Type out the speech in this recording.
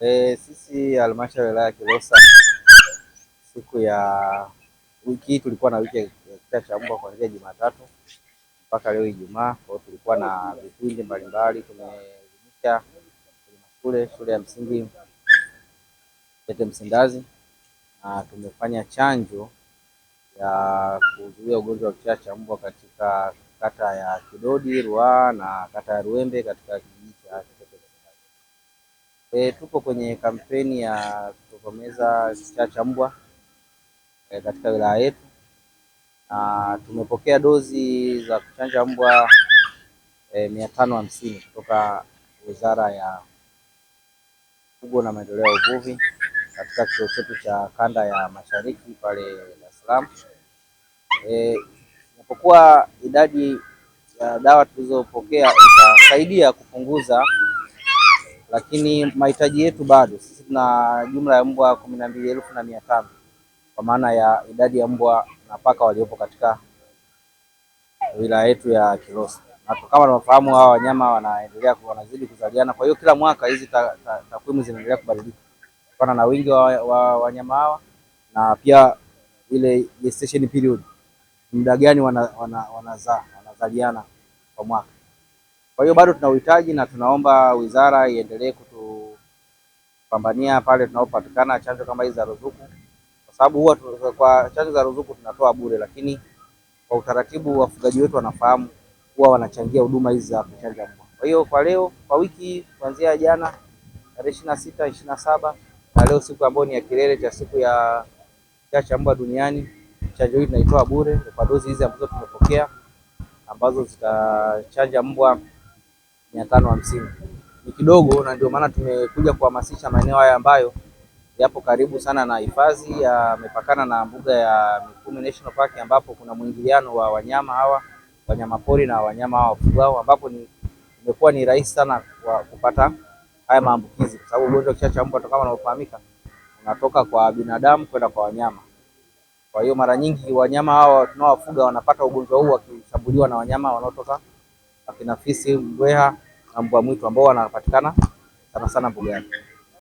E, sisi halmashauri ya ya Kilosa siku ya wiki hii tulikuwa na wiki ya kichaa cha mbwa kuanzia Jumatatu mpaka leo Ijumaa. Kwa hiyo tulikuwa na vipindi mbalimbali, tumeelimisha shule shule ya msingi Tete Msindazi na tumefanya chanjo ya kuzuia ugonjwa wa kichaa cha mbwa katika kata ya Kidodi Ruaha na kata ya Ruembe katika kijiji E, tupo kwenye kampeni ya kutokomeza kichaa cha mbwa e, katika wilaya yetu na tumepokea dozi za kuchanja mbwa e, mia tano hamsini kutoka Wizara ya Mifugo na Maendeleo ya Uvuvi katika kituo chetu cha kanda ya Mashariki pale Dar es Salaam. E, idadi ya dawa tulizopokea itasaidia kupunguza lakini mahitaji yetu bado, sisi tuna jumla ya mbwa kumi na mbili elfu na mia tano kwa maana ya idadi ya mbwa na paka waliopo katika wilaya yetu ya Kilosa, na kama tunafahamu hawa wanyama wanaendelea wanazidi kuzaliana. Kwa hiyo kila mwaka hizi takwimu zinaendelea kubadilika kutokana na wingi wa wanyama wa hawa na pia ile gestation period, muda gani wanazaa wana, wanazaliana kwa mwaka. Kwa hiyo bado tuna uhitaji na tunaomba wizara iendelee kutupambania pale tunapopatikana chanjo kama hizi za ruzuku, kwa sababu huwa kwa chanjo za ruzuku tunatoa bure, lakini kwa utaratibu wafugaji wetu wanafahamu huwa wanachangia huduma hizi za kuchanja mbwa. Kwa hiyo kwa leo, kwa wiki kuanzia jana tarehe ishirini na sita ishirini na saba na leo siku ambayo ni ya kilele cha siku ya kicha cha mbwa duniani, chanjo hii tunaitoa bure kwa dozi hizi ambazo tumepokea ambazo zitachanja mbwa mia tano hamsini ni kidogo, na ndio maana tumekuja kuhamasisha maeneo haya ambayo yapo karibu sana na hifadhi, yamepakana na mbuga ya Mikumi National Park, ambapo kuna mwingiliano wa wanyama hawa wanyama pori na wanyama hawa wafugao, ambapo ni imekuwa ni rahisi sana kwa kupata haya maambukizi, kwa sababu ugonjwa kichaa cha mbwa kama unatoka kwa binadamu kwenda kwa wanyama. Kwa hiyo mara nyingi wanyama hawa tunaowafuga wanapata ugonjwa huu wakishambuliwa na wanyama wanaotoka akina fisi, mbweha na mbwa mwitu ambao wanapatikana sana sana mbugani.